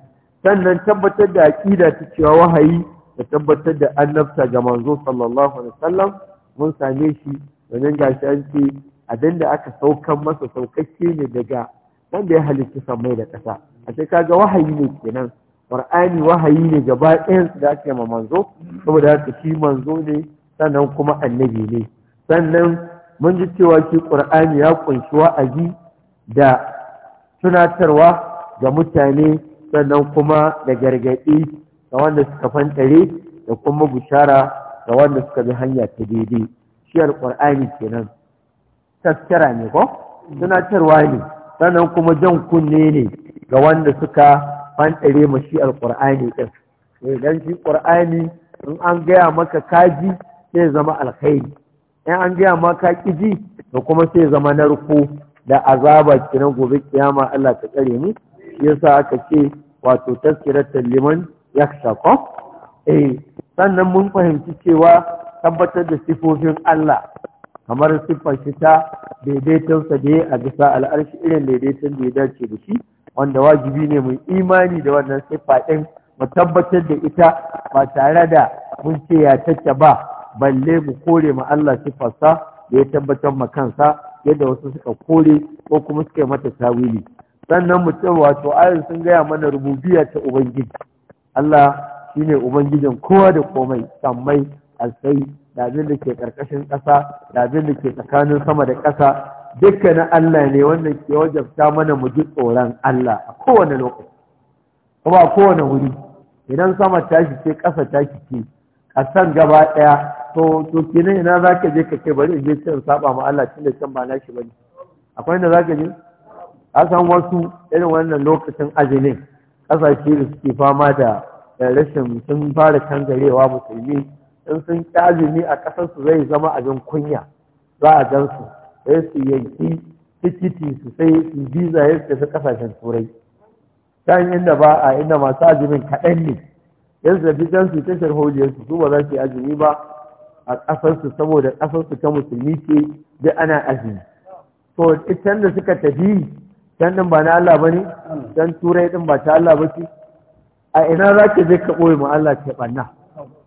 sannan tabbatar da aqida ta cewa wahayi da tabbatar da annabta ga manzo sallallahu alaihi wasallam mun same shi wajen gashi an ce abinda aka saukan masa saukakke ne daga wanda ya halitta samai da ƙasa a sai kaga wahayi ne kenan qur'ani wahayi ne gaba ɗayan su da ake ma manzo saboda haka shi manzo ne sannan kuma annabi ne sannan mun ji cewa shi ƙur'ani ya ƙunshi wa'azi da tunatarwa ga mutane sannan kuma da gargaɗi ga wanda suka fantare da kuma bushara ga wanda suka bi hanya ta daidai shi alƙur'ani kenan taskara ne ko tunatarwa ne sannan kuma jan kunne ne ga wanda suka fantsare ma shi alƙur'ani ɗin idan eh, shi ƙur'ani in an gaya maka kaji sai zama alkhairi in an gaya maka kiji da kuma sai zama narko da azaba kinan gobe kiyama Allah ta tsare mu shi yasa aka ce wato tazkiratul liman yakhsha ko eh sannan mun fahimci cewa tabbatar da sifofin Allah kamar siffar shi ta daidaitonsa da ya a bisa al'arshi irin daidaiton da ya dace da shi wanda wajibi ne mu imani da wannan siffa ɗin mu tabbatar da ita ba tare da mun ce ya tacce ba balle mu kore ma Allah siffarsa da ya tabbatar ma kansa yadda wasu suka kore ko kuma suka yi mata tawili sannan mu ce wato ayin sun gaya mana rububiya ta ubangiji Allah shine ubangijin kowa da komai sammai alsai da abin da ke karkashin ƙasa da abin da ke tsakanin sama da ƙasa dukkanin Allah ne wannan ke wajabta mana mu ji tsoron Allah a kowane lokaci kuma a kowane wuri idan sama tashi ce ƙasa tashi ce ƙasan gaba ɗaya to to kenan ina za ka je ka kai bari in je can saba ma Allah tun da can ba shi bane akwai inda za ka je a san wasu irin wannan lokacin azumin ƙasashe da suke fama da rashin sun fara kangarewa musulmi in sun ƙi azumi a ƙasarsu zai zama abin kunya za a gan su sai su tikiti su sai su biza ya su kasashen turai kan inda ba a inda masu azumin kaɗan ne yan zabi can su ta su ba za su yi azumi ba a ƙasarsu saboda ƙasarsu ta musulmi ce duk ana azumi to can da suka tafi can ɗin ba na Allah ba ne can turai ɗin ba ta Allah ba ce a ina za ka je ka ɓoye ma Allah ke ɓanna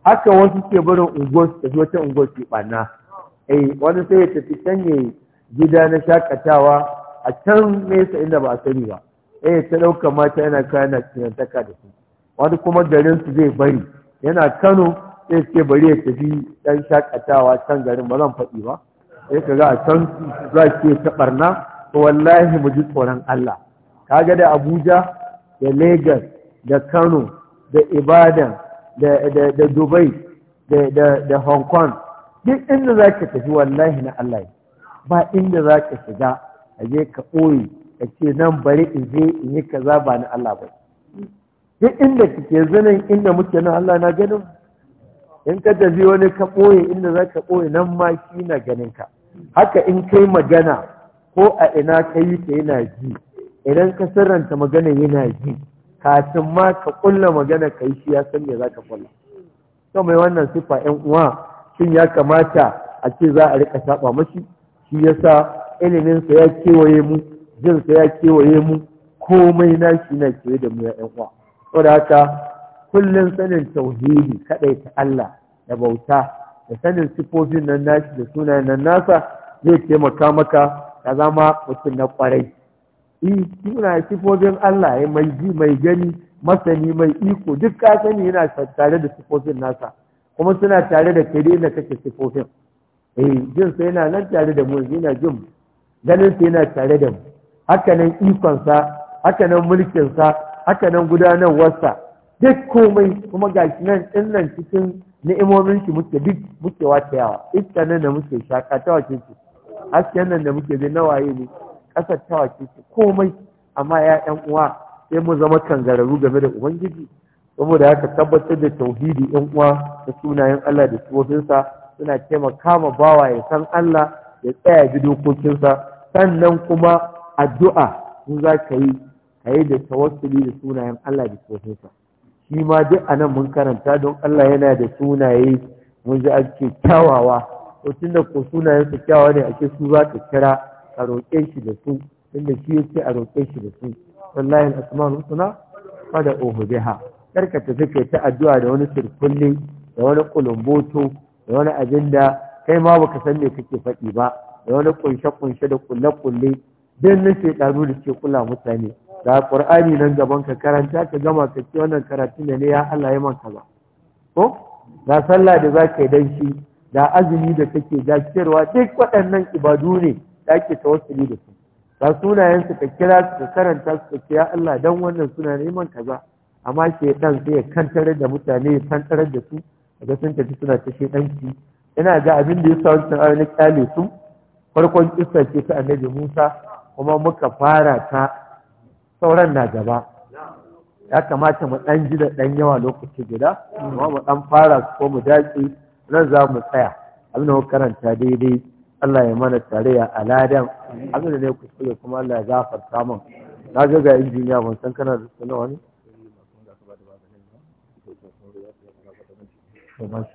haka wasu ke barin unguwar su tafi ta unguwar ke ɓanna eh, wani sai ya tafi can ya gida na shakatawa a can nesa inda ba a sani ba eh ta ɗauka mata yana kaya na cinantaka da su wani kuma garin su zai bari yana kano sai ce bari ya tafi ɗan shakatawa can garin ba zan faɗi ba sai ka ga a can za ke ta ɓarna to wallahi mu ji tsoron Allah kaga da Abuja da Legas, da Kano da Ibadan da Dubai da Hong Kong duk inda za ka tafi wallahi na Allah ba inda za ka shiga a je ka ɓoye ka ce nan bari in je in yi kaza ba ni Allah ba duk inda kike zanen inda muke nan Allah na ganin in ka tafi wani ka ɓoye inda za ka ɓoye nan ma shi na ganin ka haka in kai magana ko a ina ka yi ta yana ji idan ka sirranta magana yana ji kafin ma ka ƙulla magana ka yi shi ya san me za ka ƙulla to mai wannan siffa yan uwa shin ya kamata a ce za a riƙa saba mashi shi yasa iliminsa ya kewaye mu jinsa ya kewaye mu komai nashi na kewaye da mu ya ƴan uwa saboda haka kullum sanin tauhidi kaɗai ta Allah da bauta da sanin sifofin nan nashi da sunayen nan nasa zai taimaka maka ka zama mutum na ƙwarai i suna sifofin Allah ya mai ji mai gani masani mai iko duk ka sani yana tare da sifofin nasa kuma suna tare da kai da kake sifofin eh jin sa yana nan tare da mu yana jin ganin sa yana tare da mu haka nan ikon sa haka nan mulkin sa haka nan gudanarwar sa duk komai kuma gashi nan din nan cikin ni'imomin shi muke duk muke wata yawa iska nan da muke shaka ta wace ce hasken nan da muke zai nawaye ne kasar ta wace ce komai amma ya yan uwa sai mu zama kangararru game da ubangiji saboda haka tabbatar da tauhidi yan uwa da sunayen Allah da sunansa suna taimaka ma bawa ya san Allah ya tsaya ji dokokinsa sannan kuma addu'a in za ka yi ka yi da tawassuli da sunayen Allah da tsofinsa shi ma duk a nan mun karanta don Allah yana da sunaye mun ji ake kyawawa to tunda ko sunayen su kyawawa ne ake su za ka kira a roƙe shi da su tunda shi yake a roƙe shi da su wallahi al-asma'ul husna fada uhu biha karka ta addu'a da wani sirkulli da wani kulumboto da wani abin da kai ma baka san me kake faɗi ba da wani kunshe-kunshe da kulle-kulle don na shekaru da ke kula mutane da ƙur'ani nan gaban ka karanta ka gama ka ce wannan karatu ne ne ya Allah ya man kaza ko da sallah da zaka yi dan shi da azumi da kake jakiyarwa duk waɗannan ibadu ne da ake tawassuli da su ba sunayen su ka kira su ka karanta su ka ce ya Allah dan wannan suna ne man kaza amma ɗan sai ya kantare da mutane ya kantar da su kaga sun tafi suna ta ɗanki. ina ga abin da ya sa wancan ayoyi na kyale su farkon kisa ce ta annabi Musa kuma muka fara ta sauran na gaba ya kamata mu ɗan ji da ɗan yawa lokaci guda kuma mu ɗan fara ko mu dace nan za mu tsaya abin da mu karanta daidai Allah ya mana tarayya a ladan abin da ne kuskure kuma Allah ya gafarta min na ga ga injiniya ban san kana da sunan wani Bom,